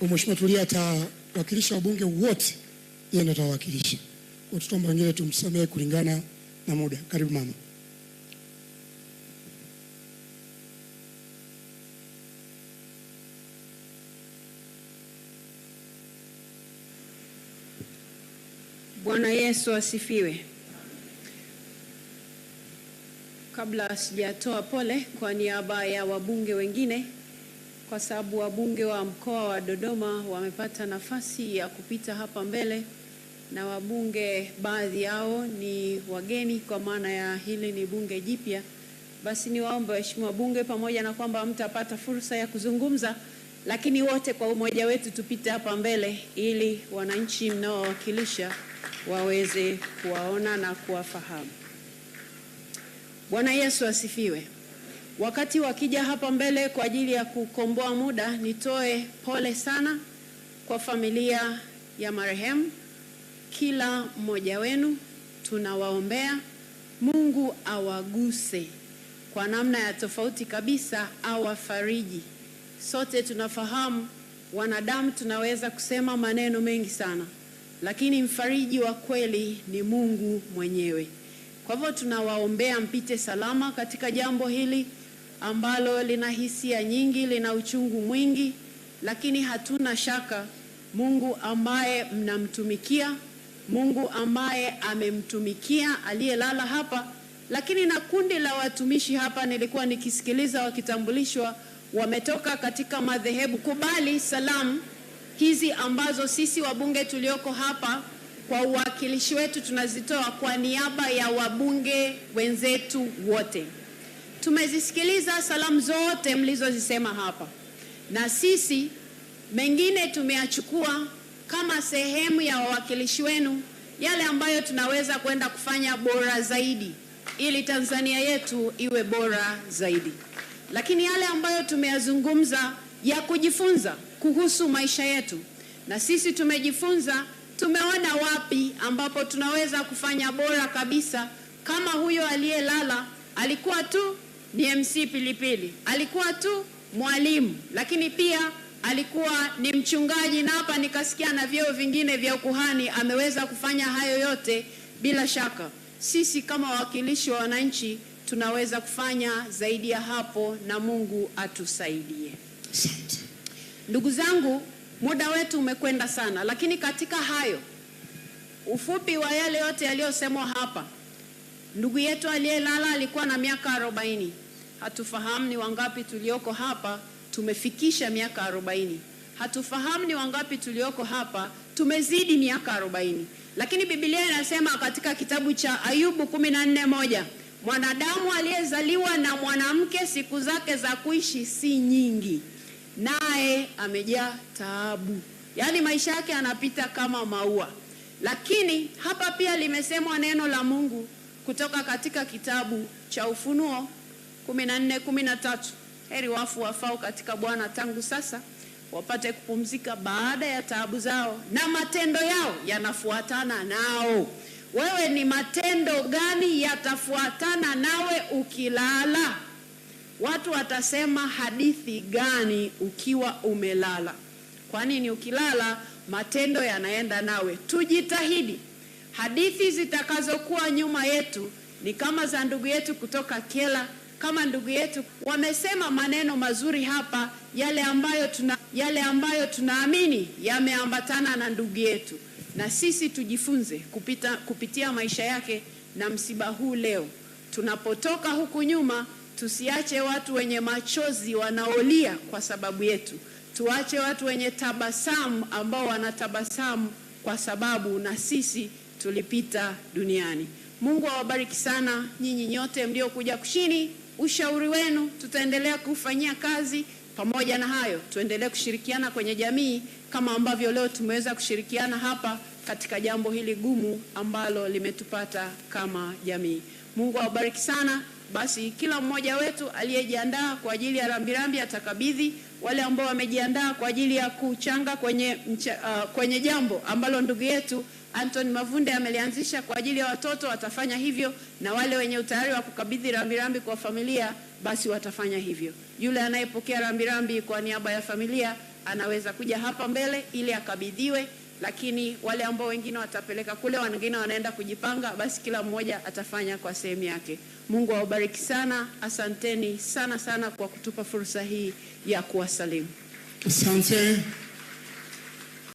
Mheshimiwa Tulia atawakilisha wabunge wote, yeye ndiye atawakilisha. Kwa tutaomba wengine tumsamehe kulingana na muda. Karibu mama. Bwana Yesu asifiwe. Kabla sijatoa pole kwa niaba ya wabunge wengine kwa sababu wabunge wa mkoa wa Dodoma wamepata nafasi ya kupita hapa mbele na wabunge baadhi yao ni wageni, kwa maana ya hili ni bunge jipya. Basi niwaombe waheshimiwa bunge, pamoja na kwamba mtapata fursa ya kuzungumza, lakini wote kwa umoja wetu tupite hapa mbele ili wananchi mnaowakilisha waweze kuwaona na kuwafahamu. Bwana Yesu asifiwe. Wakati wakija hapa mbele kwa ajili ya kukomboa muda, nitoe pole sana kwa familia ya marehemu. Kila mmoja wenu tunawaombea, Mungu awaguse kwa namna ya tofauti kabisa, awafariji. Sote tunafahamu wanadamu tunaweza kusema maneno mengi sana, lakini mfariji wa kweli ni Mungu mwenyewe. Kwa hivyo tunawaombea mpite salama katika jambo hili ambalo lina hisia nyingi, lina uchungu mwingi, lakini hatuna shaka Mungu ambaye mnamtumikia, Mungu ambaye amemtumikia aliyelala hapa, lakini na kundi la watumishi hapa, nilikuwa nikisikiliza wakitambulishwa, wametoka katika madhehebu. Kubali salamu hizi ambazo sisi wabunge tulioko hapa kwa uwakilishi wetu tunazitoa kwa niaba ya wabunge wenzetu wote. Tumezisikiliza salamu zote mlizozisema hapa, na sisi mengine tumeyachukua kama sehemu ya wawakilishi wenu, yale ambayo tunaweza kwenda kufanya bora zaidi ili Tanzania yetu iwe bora zaidi. Lakini yale ambayo tumeyazungumza ya kujifunza kuhusu maisha yetu, na sisi tumejifunza, tumeona wapi ambapo tunaweza kufanya bora kabisa, kama huyo aliyelala alikuwa tu mc Pilipili alikuwa tu mwalimu, lakini pia alikuwa ni mchungaji, na hapa nikasikia na vyeo vingine vya ukuhani. Ameweza kufanya hayo yote bila shaka. Sisi kama wawakilishi wa wananchi tunaweza kufanya zaidi ya hapo, na Mungu atusaidie. Ndugu zangu, muda wetu umekwenda sana, lakini katika hayo ufupi wa yale yote yaliyosemwa hapa, ndugu yetu aliyelala alikuwa na miaka arobaini. Hatufahamu ni wangapi tulioko hapa tumefikisha miaka arobaini. Hatufahamu ni wangapi tulioko hapa tumezidi miaka arobaini, lakini Biblia inasema katika kitabu cha Ayubu kumi na nne moja mwanadamu aliyezaliwa na mwanamke siku zake za kuishi si nyingi, naye amejaa taabu, yaani maisha yake yanapita kama maua. Lakini hapa pia limesemwa neno la Mungu kutoka katika kitabu cha Ufunuo kumi na nne kumi na tatu heri wafu wafao katika Bwana tangu sasa wapate kupumzika baada ya taabu zao, na matendo yao yanafuatana nao. Wewe ni matendo gani yatafuatana nawe ukilala? Watu watasema hadithi gani ukiwa umelala? Kwa nini? Ukilala matendo yanaenda nawe. Tujitahidi, hadithi zitakazokuwa nyuma yetu ni kama za ndugu yetu kutoka Kela kama ndugu yetu wamesema maneno mazuri hapa, yale ambayo tuna, yale ambayo tunaamini yameambatana na ndugu yetu, na sisi tujifunze kupita, kupitia maisha yake na msiba huu leo. Tunapotoka huku nyuma, tusiache watu wenye machozi wanaolia kwa sababu yetu, tuache watu wenye tabasamu ambao wanatabasamu kwa sababu na sisi tulipita duniani. Mungu awabariki sana nyinyi nyote mliokuja kushini ushauri wenu tutaendelea kufanyia kazi. Pamoja na hayo, tuendelee kushirikiana kwenye jamii kama ambavyo leo tumeweza kushirikiana hapa katika jambo hili gumu ambalo limetupata kama jamii. Mungu awabariki sana. Basi kila mmoja wetu aliyejiandaa kwa ajili ya rambirambi atakabidhi wale ambao wamejiandaa kwa ajili ya kuchanga kwenye, uh, kwenye jambo ambalo ndugu yetu Anton Mavunde amelianzisha kwa ajili ya watoto watafanya hivyo, na wale wenye utayari wa kukabidhi rambirambi kwa familia basi watafanya hivyo. Yule anayepokea rambirambi kwa niaba ya familia anaweza kuja hapa mbele ili akabidhiwe lakini wale ambao wengine watapeleka kule, wengine wanaenda kujipanga, basi kila mmoja atafanya kwa sehemu yake. Mungu awabariki sana. Asanteni sana sana kwa kutupa fursa hii ya kuwasalimu. Asante.